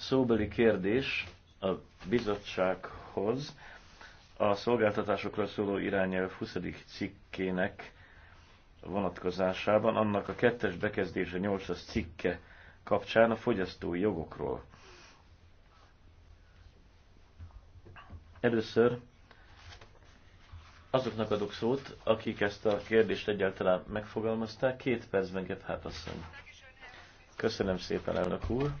szóbeli kérdés a bizottsághoz a szolgáltatásokról szóló irányelv 20. cikkének vonatkozásában, annak a kettes bekezdése 8 cikke kapcsán a fogyasztói jogokról. Először azoknak adok szót, akik ezt a kérdést egyáltalán megfogalmazták. Két percben Gebhardt asszony. Köszönöm szépen, elnök úr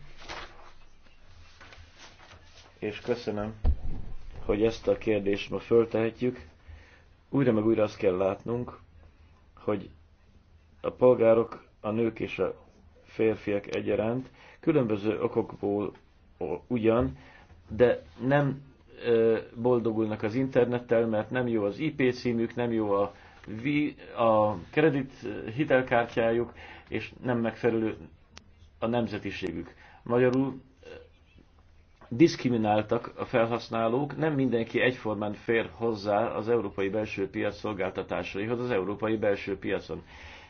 és köszönöm, hogy ezt a kérdést ma föltehetjük. Újra meg újra azt kell látnunk, hogy a polgárok, a nők és a férfiak egyaránt különböző okokból ugyan, de nem boldogulnak az internettel, mert nem jó az IP címük, nem jó a, a kredit hitelkártyájuk, és nem megfelelő a nemzetiségük. Magyarul diszkrimináltak a felhasználók, nem mindenki egyformán fér hozzá az európai belső piac szolgáltatásaihoz az európai belső piacon.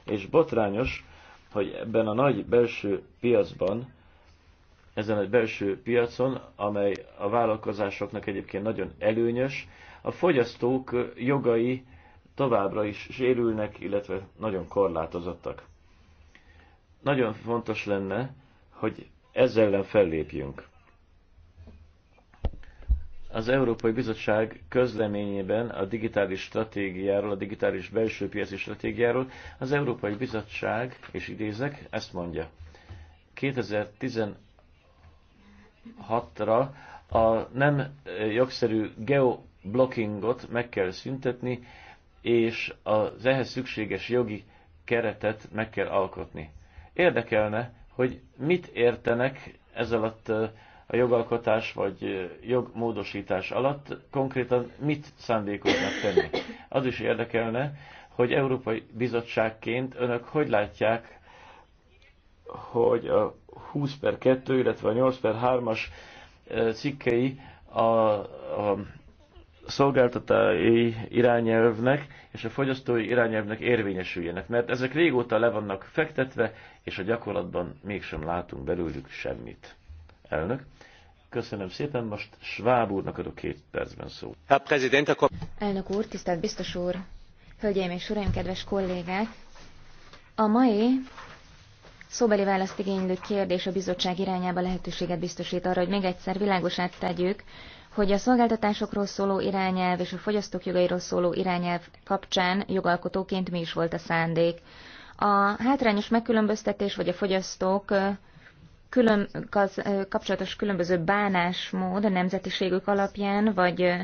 És botrányos, hogy ebben a nagy belső piacban, ezen a belső piacon, amely a vállalkozásoknak egyébként nagyon előnyös, a fogyasztók jogai továbbra is sérülnek, illetve nagyon korlátozottak. Nagyon fontos lenne, hogy ezzel ellen fellépjünk az Európai Bizottság közleményében a digitális stratégiáról, a digitális belső piaci stratégiáról az Európai Bizottság, és idézek, ezt mondja. 2016-ra a nem jogszerű geoblockingot meg kell szüntetni, és az ehhez szükséges jogi keretet meg kell alkotni. Érdekelne, hogy mit értenek ez alatt a jogalkotás vagy jogmódosítás alatt konkrétan mit szándékoznak tenni. Az is érdekelne, hogy Európai Bizottságként önök hogy látják, hogy a 20 per 2, illetve a 8 per 3-as cikkei a, a szolgáltatói irányelvnek és a fogyasztói irányelvnek érvényesüljenek, mert ezek régóta le vannak fektetve, és a gyakorlatban mégsem látunk belőlük semmit. Elnök. Köszönöm szépen, most Schwab úrnak adok két percben szó. Elnök úr, tisztelt biztos úr, hölgyeim és uraim, kedves kollégák! A mai szóbeli választ igénylő kérdés a bizottság irányába lehetőséget biztosít arra, hogy még egyszer világosát tegyük, hogy a szolgáltatásokról szóló irányelv és a fogyasztók jogairól szóló irányelv kapcsán jogalkotóként mi is volt a szándék. A hátrányos megkülönböztetés vagy a fogyasztók külön, kaz, kapcsolatos különböző bánásmód a nemzetiségük alapján, vagy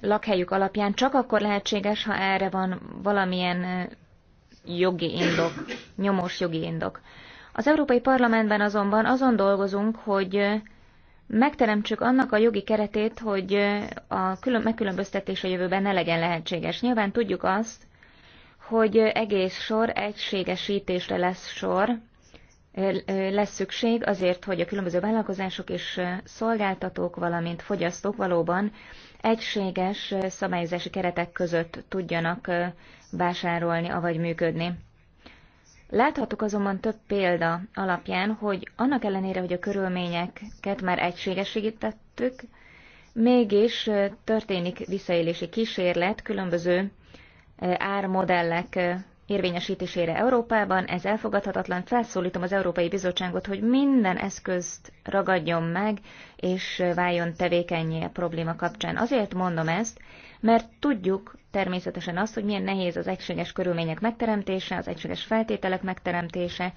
lakhelyük alapján csak akkor lehetséges, ha erre van valamilyen jogi indok, nyomós jogi indok. Az Európai Parlamentben azonban azon dolgozunk, hogy megteremtsük annak a jogi keretét, hogy a külön, megkülönböztetés a jövőben ne legyen lehetséges. Nyilván tudjuk azt, hogy egész sor egységesítésre lesz sor lesz szükség azért, hogy a különböző vállalkozások és szolgáltatók, valamint fogyasztók valóban egységes szabályozási keretek között tudjanak vásárolni, avagy működni. Láthattuk azonban több példa alapján, hogy annak ellenére, hogy a körülményeket már egységesítettük, mégis történik visszaélési kísérlet különböző ármodellek érvényesítésére Európában, ez elfogadhatatlan. Felszólítom az Európai Bizottságot, hogy minden eszközt ragadjon meg, és váljon tevékenyé a probléma kapcsán. Azért mondom ezt, mert tudjuk természetesen azt, hogy milyen nehéz az egységes körülmények megteremtése, az egységes feltételek megteremtése.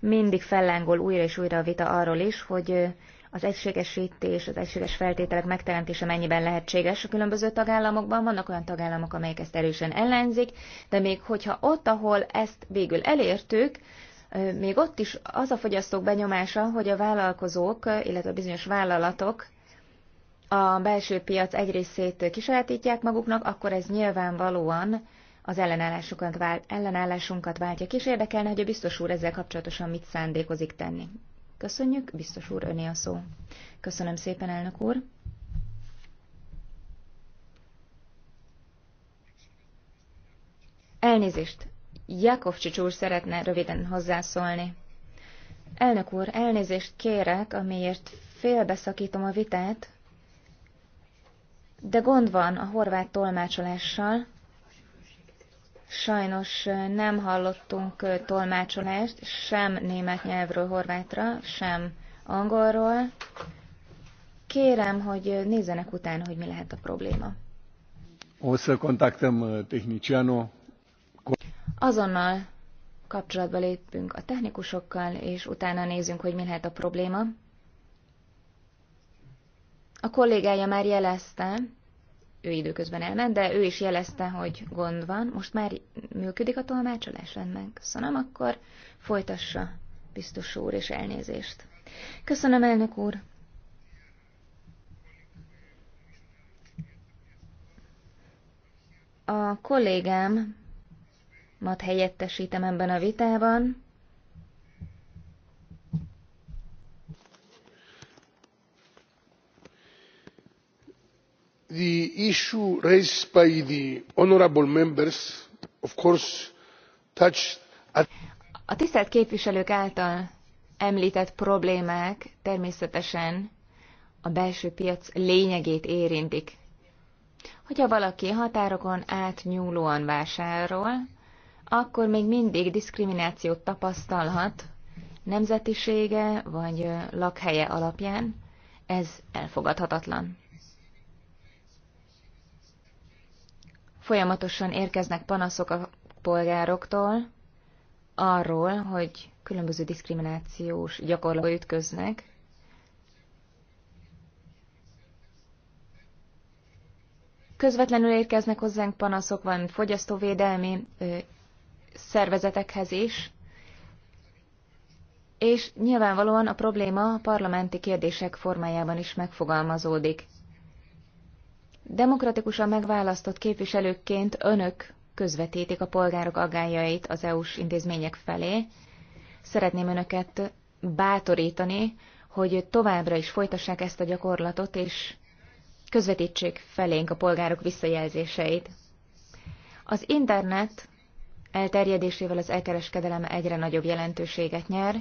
Mindig fellángol újra és újra a vita arról is, hogy az egységesítés, az egységes feltételek megteremtése mennyiben lehetséges a különböző tagállamokban. Vannak olyan tagállamok, amelyek ezt erősen ellenzik, de még hogyha ott, ahol ezt végül elértük, még ott is az a fogyasztók benyomása, hogy a vállalkozók, illetve a bizonyos vállalatok a belső piac egy részét kisajátítják maguknak, akkor ez nyilvánvalóan az ellenállásunkat, vált, ellenállásunkat váltja Kis és érdekelne, hogy a biztos úr ezzel kapcsolatosan mit szándékozik tenni. Köszönjük, biztos úr, öné a szó. Köszönöm szépen, elnök úr. Elnézést, Jakovcsics úr szeretne röviden hozzászólni. Elnök úr, elnézést kérek, amiért félbeszakítom a vitát, de gond van a horvát tolmácsolással. Sajnos nem hallottunk tolmácsolást sem német nyelvről horvátra, sem angolról. Kérem, hogy nézzenek utána, hogy mi lehet a probléma. Azonnal kapcsolatba lépünk a technikusokkal, és utána nézzünk, hogy mi lehet a probléma. A kollégája már jelezte, ő időközben elment, de ő is jelezte, hogy gond van. Most már működik a tolmácsolás, rendben, köszönöm, akkor folytassa biztos úr, és elnézést. Köszönöm, elnök úr. A kollégám mat helyettesítem ebben a vitában, the issue raised by the honourable members of course touched a tisztelt képviselők által emltett problémák természetesen a belső piac lényegét érintik. Hogyha valaki határokon átnyúlóan vásárol, akkor még mindig diszkriminációt tapasztalhat nemzetisége vagy lakhelye alapján. Ez elfogadhatatlan. Folyamatosan érkeznek panaszok a polgároktól arról, hogy különböző diszkriminációs gyakorlatba ütköznek, Közvetlenül érkeznek hozzánk panaszok, van fogyasztóvédelmi ö, szervezetekhez is, és nyilvánvalóan a probléma a parlamenti kérdések formájában is megfogalmazódik. Demokratikusan megválasztott képviselőkként önök közvetítik a polgárok aggájait az EU-s intézmények felé. Szeretném önöket bátorítani, hogy továbbra is folytassák ezt a gyakorlatot, és közvetítsék felénk a polgárok visszajelzéseit. Az internet elterjedésével az elkereskedelem egyre nagyobb jelentőséget nyer,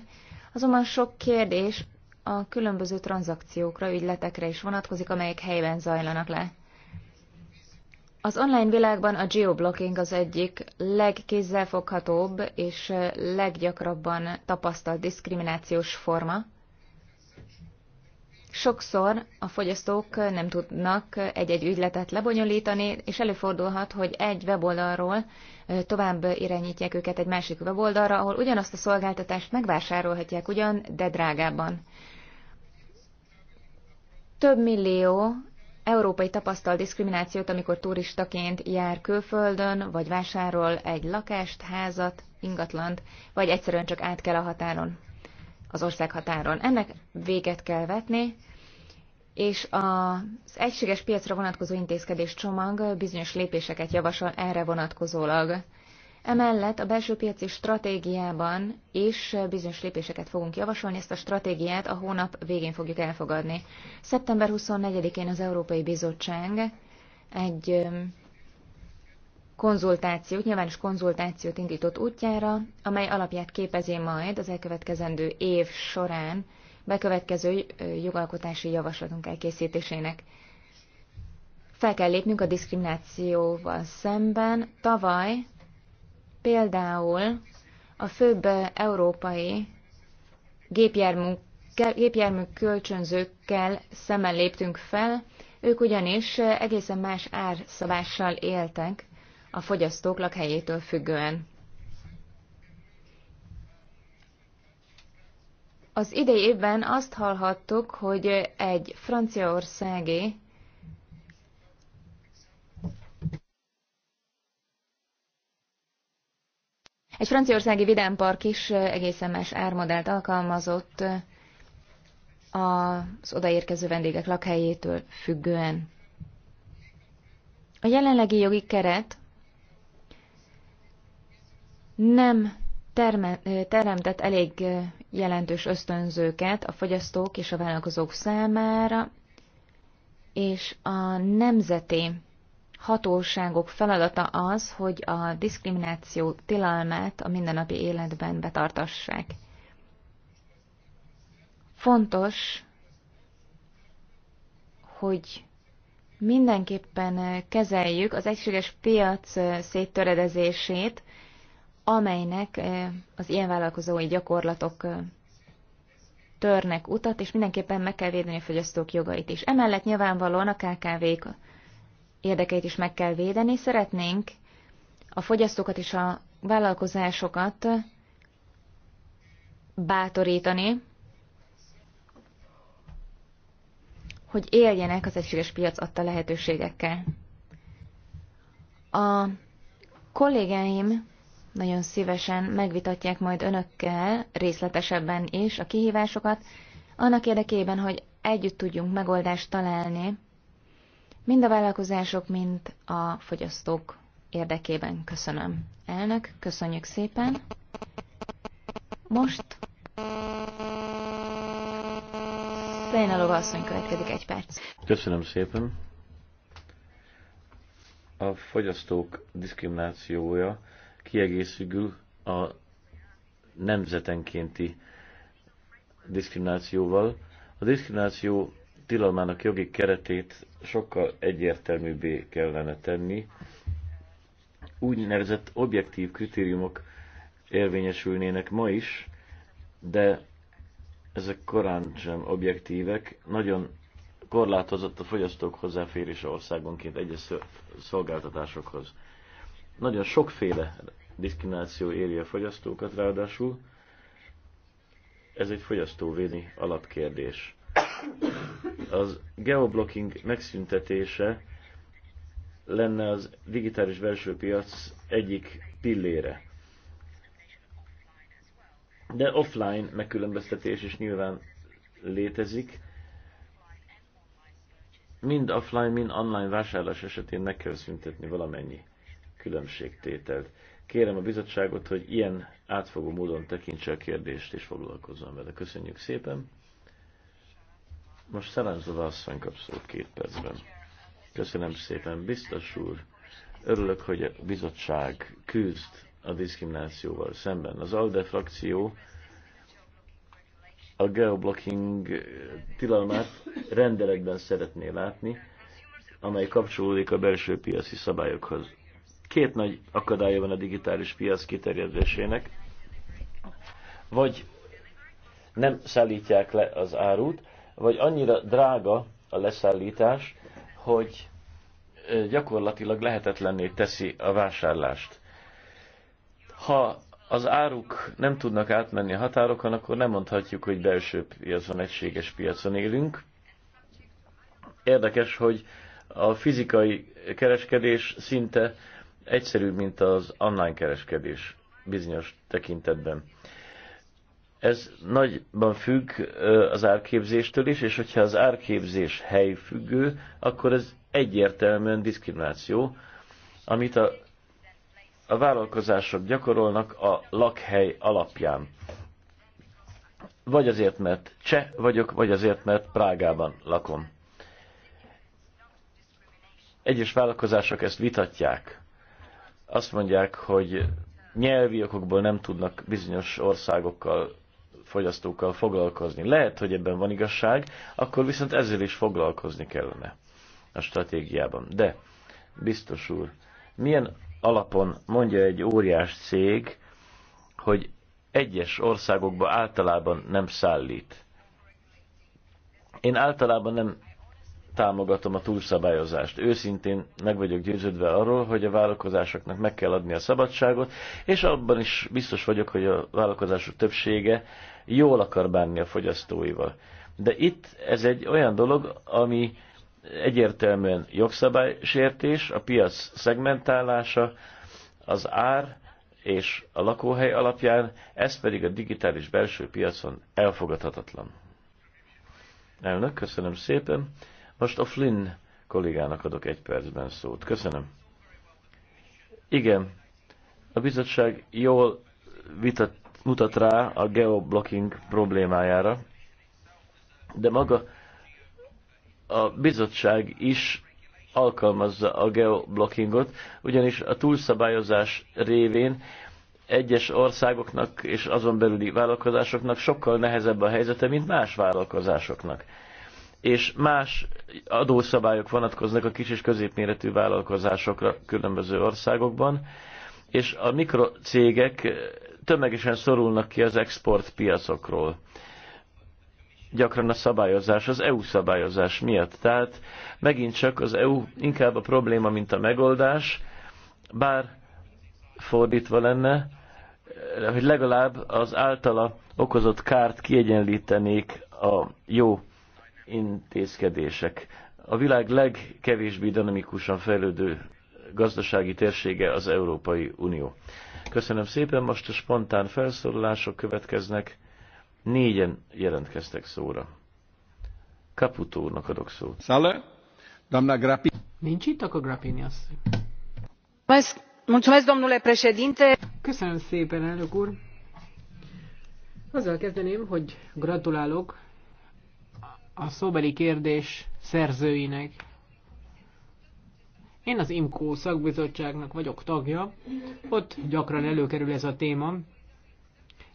azonban sok kérdés a különböző tranzakciókra, ügyletekre is vonatkozik, amelyek helyben zajlanak le. Az online világban a geoblocking az egyik legkézzelfoghatóbb és leggyakrabban tapasztalt diszkriminációs forma. Sokszor a fogyasztók nem tudnak egy-egy ügyletet lebonyolítani, és előfordulhat, hogy egy weboldalról tovább irányítják őket egy másik weboldalra, ahol ugyanazt a szolgáltatást megvásárolhatják ugyan, de drágábban. Több millió európai tapasztal diszkriminációt, amikor turistaként jár külföldön, vagy vásárol egy lakást, házat, ingatlant, vagy egyszerűen csak át kell a határon, az ország határon. Ennek véget kell vetni, és az egységes piacra vonatkozó intézkedés csomag bizonyos lépéseket javasol erre vonatkozólag. Emellett a belső piaci stratégiában is bizonyos lépéseket fogunk javasolni, ezt a stratégiát a hónap végén fogjuk elfogadni. Szeptember 24-én az Európai Bizottság egy konzultációt, nyilvános konzultációt indított útjára, amely alapját képezi majd az elkövetkezendő év során bekövetkező jogalkotási javaslatunk elkészítésének. Fel kell lépnünk a diszkriminációval szemben. Tavaly Például a főbb európai gépjármű, gépjármű kölcsönzőkkel szemmel léptünk fel, ők ugyanis egészen más árszabással éltek a fogyasztók lakhelyétől függően. Az idei évben azt hallhattuk, hogy egy franciaországi Egy franciaországi vidámpark is egészen más ármodellt alkalmazott az odaérkező vendégek lakhelyétől függően. A jelenlegi jogi keret nem terme, teremtett elég jelentős ösztönzőket a fogyasztók és a vállalkozók számára, és a nemzeti hatóságok feladata az, hogy a diszkrimináció tilalmát a mindennapi életben betartassák. Fontos, hogy mindenképpen kezeljük az egységes piac széttöredezését, amelynek az ilyen vállalkozói gyakorlatok törnek utat, és mindenképpen meg kell védeni a fogyasztók jogait is. Emellett nyilvánvalóan a KKV-k érdekeit is meg kell védeni. Szeretnénk a fogyasztókat és a vállalkozásokat bátorítani, hogy éljenek az egységes piac adta lehetőségekkel. A kollégáim nagyon szívesen megvitatják majd önökkel részletesebben is a kihívásokat, annak érdekében, hogy együtt tudjunk megoldást találni mind a vállalkozások, mind a fogyasztók érdekében köszönöm. Elnök, köszönjük szépen. Most Szénalova asszony következik egy perc. Köszönöm szépen. A fogyasztók diszkriminációja kiegészül a nemzetenkénti diszkriminációval. A diszkrimináció tilalmának jogi keretét sokkal egyértelműbbé kellene tenni. Úgynevezett objektív kritériumok érvényesülnének ma is, de ezek korán sem objektívek. Nagyon korlátozott a fogyasztók hozzáférése országonként egyes szolgáltatásokhoz. Nagyon sokféle diszkrimináció éri a fogyasztókat ráadásul. Ez egy fogyasztóvéni alapkérdés az geoblocking megszüntetése lenne az digitális belső piac egyik pillére. De offline megkülönböztetés is nyilván létezik. Mind offline, mind online vásárlás esetén meg kell szüntetni valamennyi különbségtételt. Kérem a bizottságot, hogy ilyen átfogó módon tekintse a kérdést és foglalkozzon vele. Köszönjük szépen! Most Szelenzova asszony kap szót két percben. Köszönöm szépen, biztos úr. Örülök, hogy a bizottság küzd a diszkriminációval szemben. Az ALDE frakció a geoblocking tilalmát rendeletben szeretné látni, amely kapcsolódik a belső piaci szabályokhoz. Két nagy akadálya van a digitális piac kiterjedésének. Vagy nem szállítják le az árut, vagy annyira drága a leszállítás, hogy gyakorlatilag lehetetlenné teszi a vásárlást. Ha az áruk nem tudnak átmenni a határokon, akkor nem mondhatjuk, hogy belső piacon, egységes piacon élünk. Érdekes, hogy a fizikai kereskedés szinte egyszerűbb, mint az online kereskedés bizonyos tekintetben. Ez nagyban függ az árképzéstől is, és hogyha az árképzés helyfüggő, akkor ez egyértelműen diszkrimináció, amit a, a vállalkozások gyakorolnak a lakhely alapján. Vagy azért, mert cseh vagyok, vagy azért, mert Prágában lakom. Egyes vállalkozások ezt vitatják. Azt mondják, hogy nyelvi okokból nem tudnak bizonyos országokkal fogyasztókkal foglalkozni. Lehet, hogy ebben van igazság, akkor viszont ezzel is foglalkozni kellene a stratégiában. De, biztos úr, milyen alapon mondja egy óriás cég, hogy egyes országokba általában nem szállít? Én általában nem támogatom a túlszabályozást. Őszintén meg vagyok győződve arról, hogy a vállalkozásoknak meg kell adni a szabadságot, és abban is biztos vagyok, hogy a vállalkozások többsége jól akar bánni a fogyasztóival. De itt ez egy olyan dolog, ami egyértelműen jogszabálysértés, a piac szegmentálása, az ár és a lakóhely alapján, ez pedig a digitális belső piacon elfogadhatatlan. Elnök, köszönöm szépen. Most a Flynn kollégának adok egy percben szót. Köszönöm. Igen, a bizottság jól vitat, mutat rá a geoblocking problémájára, de maga a bizottság is alkalmazza a geoblockingot, ugyanis a túlszabályozás révén egyes országoknak és azon belüli vállalkozásoknak sokkal nehezebb a helyzete, mint más vállalkozásoknak. És más adószabályok vonatkoznak a kis és középméretű vállalkozásokra különböző országokban, és a mikrocégek tömegesen szorulnak ki az exportpiacokról. Gyakran a szabályozás az EU szabályozás miatt. Tehát megint csak az EU inkább a probléma, mint a megoldás, bár fordítva lenne, hogy legalább az általa okozott kárt kiegyenlítenék a jó intézkedések. A világ legkevésbé dinamikusan fejlődő gazdasági térsége az Európai Unió. Köszönöm szépen, most a spontán felszólalások következnek. Négyen jelentkeztek szóra. Kaputónak adok szót. Szale, doamna Grapi. Nincs itt, akkor Grapini asszony. Mulțumesc, domnule președinte. Köszönöm szépen, elnök úr. Azzal kezdeném, hogy gratulálok a szóbeli kérdés szerzőinek. Én az IMCO szakbizottságnak vagyok tagja, ott gyakran előkerül ez a téma.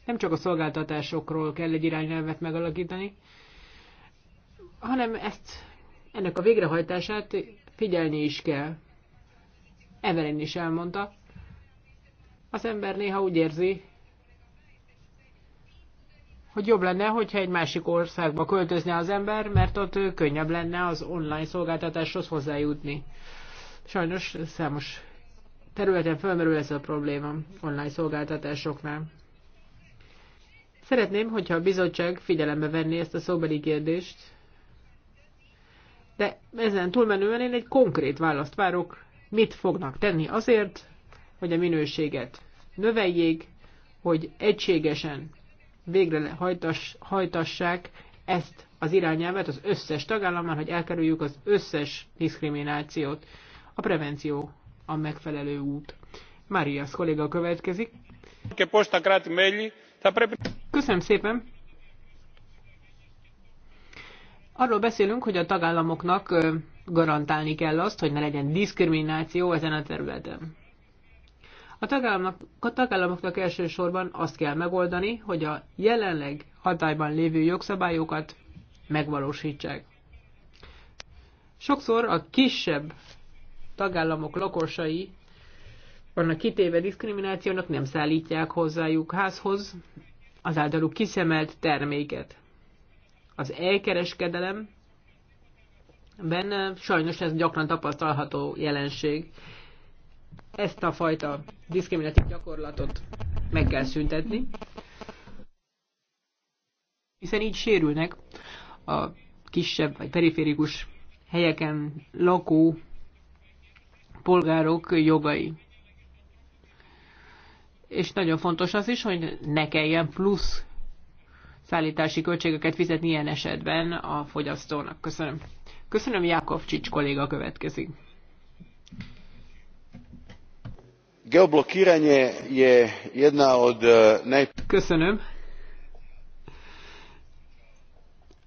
Nem csak a szolgáltatásokról kell egy irányelvet megalakítani, hanem ezt, ennek a végrehajtását figyelni is kell. Evelyn is elmondta, az ember néha úgy érzi, hogy jobb lenne, hogyha egy másik országba költözne az ember, mert ott könnyebb lenne az online szolgáltatáshoz hozzájutni. Sajnos számos területen felmerül ez a probléma online szolgáltatásoknál. Szeretném, hogyha a bizottság figyelembe venné ezt a szóbeli kérdést, de ezen túlmenően én egy konkrét választ várok, mit fognak tenni azért, hogy a minőséget növeljék, hogy egységesen végre hajtass, hajtassák ezt az irányelvet az összes tagállamban, hogy elkerüljük az összes diszkriminációt. A prevenció a megfelelő út. Marias kolléga következik. Köszönöm szépen! Arról beszélünk, hogy a tagállamoknak garantálni kell azt, hogy ne legyen diszkrimináció ezen a területen. A, tagállamok, a tagállamoknak elsősorban azt kell megoldani, hogy a jelenleg hatályban lévő jogszabályokat megvalósítsák. Sokszor a kisebb tagállamok lakosai annak kitéve diszkriminációnak, nem szállítják hozzájuk házhoz az általuk kiszemelt terméket. Az elkereskedelem benne eh, sajnos ez gyakran tapasztalható jelenség. Ezt a fajta diszkriminatív gyakorlatot meg kell szüntetni, hiszen így sérülnek a kisebb vagy periférikus helyeken lakó polgárok jogai. És nagyon fontos az is, hogy ne kelljen plusz szállítási költségeket fizetni ilyen esetben a fogyasztónak. Köszönöm. Köszönöm, Jákov Csics kolléga következik. Geoblokiranje je jedna od eh, naj... Köszönöm.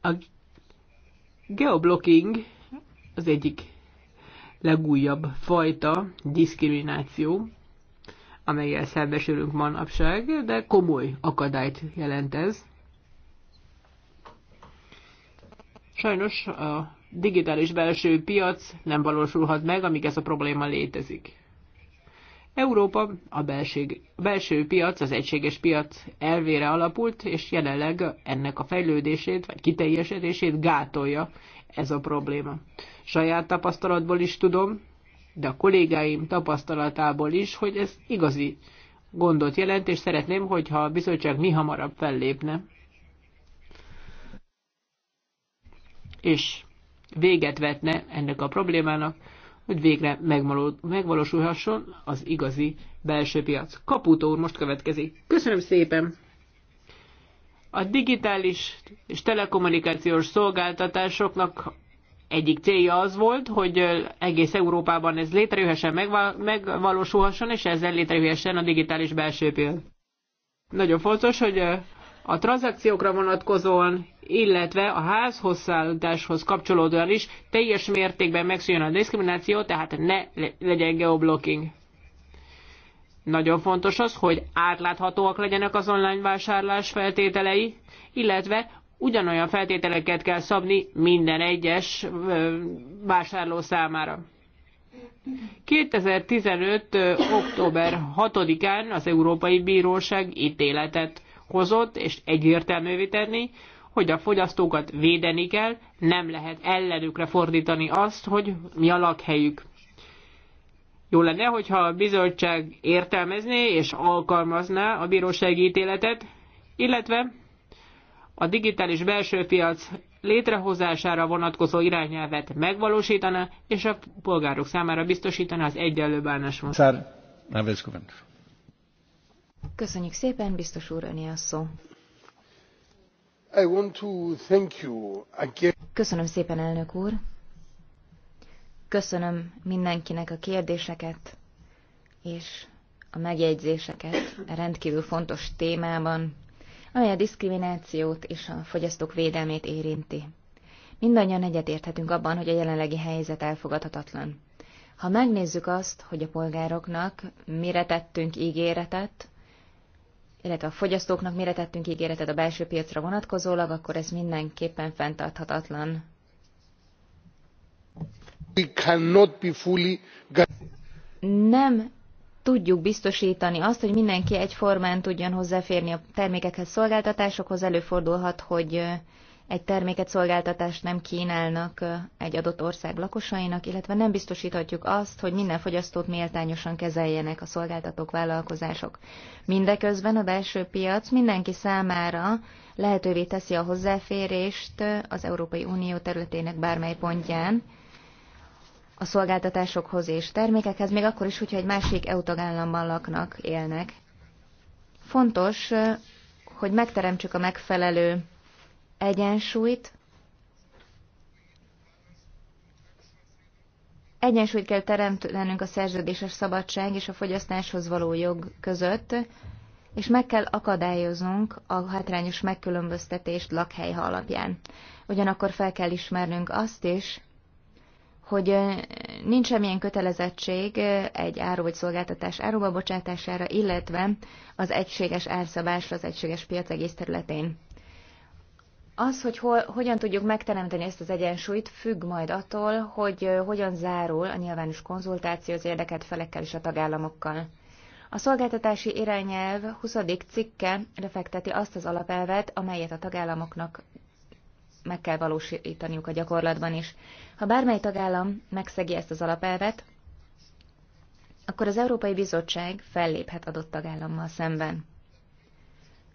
A geoblocking az egyik legújabb fajta diszkrimináció, amelyel szembesülünk manapság, de komoly akadályt jelent ez. Sajnos a digitális belső piac nem valósulhat meg, amíg ez a probléma létezik. Európa a belség, belső piac, az egységes piac elvére alapult, és jelenleg ennek a fejlődését vagy kiteljesedését gátolja ez a probléma. Saját tapasztalatból is tudom, de a kollégáim tapasztalatából is, hogy ez igazi gondot jelent, és szeretném, hogyha a bizottság mi hamarabb fellépne. És véget vetne ennek a problémának, hogy végre megvalósulhasson az igazi belső piac. Kaputó úr most következik. Köszönöm szépen! A digitális és telekommunikációs szolgáltatásoknak egyik célja az volt, hogy egész Európában ez létrejöhessen, megvalósulhasson, és ezzel létrejöhessen a digitális belső piac. Nagyon fontos, hogy a tranzakciókra vonatkozóan, illetve a házhozszállításhoz kapcsolódóan is teljes mértékben megszűnjön a diszkrimináció, tehát ne legyen geoblocking. Nagyon fontos az, hogy átláthatóak legyenek az online vásárlás feltételei, illetve ugyanolyan feltételeket kell szabni minden egyes vásárló számára. 2015. október 6-án az Európai Bíróság ítéletet hozott, és egyértelművé tenni, hogy a fogyasztókat védeni kell, nem lehet ellenükre fordítani azt, hogy mi a lakhelyük. Jó lenne, hogyha a bizottság értelmezné és alkalmazná a bírósági ítéletet, illetve a digitális belső piac létrehozására vonatkozó irányelvet megvalósítaná, és a polgárok számára biztosítaná az egyenlő bánásmódot. Köszönjük szépen, biztos úr, öné a szó. Köszönöm szépen, elnök úr. Köszönöm mindenkinek a kérdéseket és a megjegyzéseket a rendkívül fontos témában, amely a diszkriminációt és a fogyasztók védelmét érinti. Mindannyian egyetérthetünk abban, hogy a jelenlegi helyzet elfogadhatatlan. Ha megnézzük azt, hogy a polgároknak mire tettünk ígéretet, illetve a fogyasztóknak mire tettünk ígéretet a belső piacra vonatkozólag, akkor ez mindenképpen fenntarthatatlan nem tudjuk biztosítani azt, hogy mindenki egyformán tudjon hozzáférni a termékekhez, szolgáltatásokhoz. Előfordulhat, hogy egy terméket, szolgáltatást nem kínálnak egy adott ország lakosainak, illetve nem biztosíthatjuk azt, hogy minden fogyasztót méltányosan kezeljenek a szolgáltatók, vállalkozások. Mindeközben a belső piac mindenki számára lehetővé teszi a hozzáférést az Európai Unió területének bármely pontján, a szolgáltatásokhoz és termékekhez, még akkor is, hogyha egy másik EU tagállamban laknak, élnek. Fontos, hogy megteremtsük a megfelelő egyensúlyt, Egyensúlyt kell teremtenünk a szerződéses szabadság és a fogyasztáshoz való jog között, és meg kell akadályoznunk a hátrányos megkülönböztetést lakhely alapján. Ugyanakkor fel kell ismernünk azt is, hogy nincs semmilyen kötelezettség egy áru vagy szolgáltatás áruba bocsátására, illetve az egységes árszabásra az egységes piac egész területén. Az, hogy hol, hogyan tudjuk megteremteni ezt az egyensúlyt, függ majd attól, hogy hogyan zárul a nyilvános konzultáció az érdekelt felekkel és a tagállamokkal. A szolgáltatási irányelv 20. cikke lefekteti azt az alapelvet, amelyet a tagállamoknak meg kell valósítaniuk a gyakorlatban is. Ha bármely tagállam megszegi ezt az alapelvet, akkor az Európai Bizottság felléphet adott tagállammal szemben.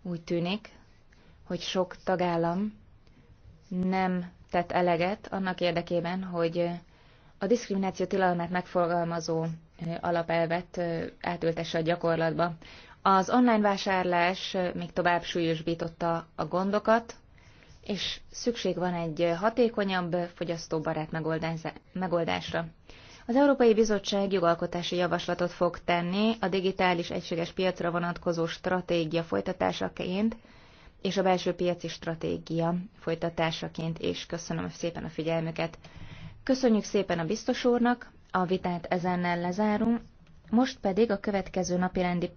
Úgy tűnik, hogy sok tagállam nem tett eleget annak érdekében, hogy a diszkrimináció tilalmát megfogalmazó alapelvet átültesse a gyakorlatba. Az online vásárlás még tovább súlyosbította a gondokat, és szükség van egy hatékonyabb, fogyasztóbarát megoldásra. Az Európai Bizottság jogalkotási javaslatot fog tenni a digitális egységes piacra vonatkozó stratégia folytatásaként, és a belső piaci stratégia folytatásaként és Köszönöm szépen a figyelmüket. Köszönjük szépen a biztos úrnak, a vitát ezennel lezárunk, most pedig a következő napi rendi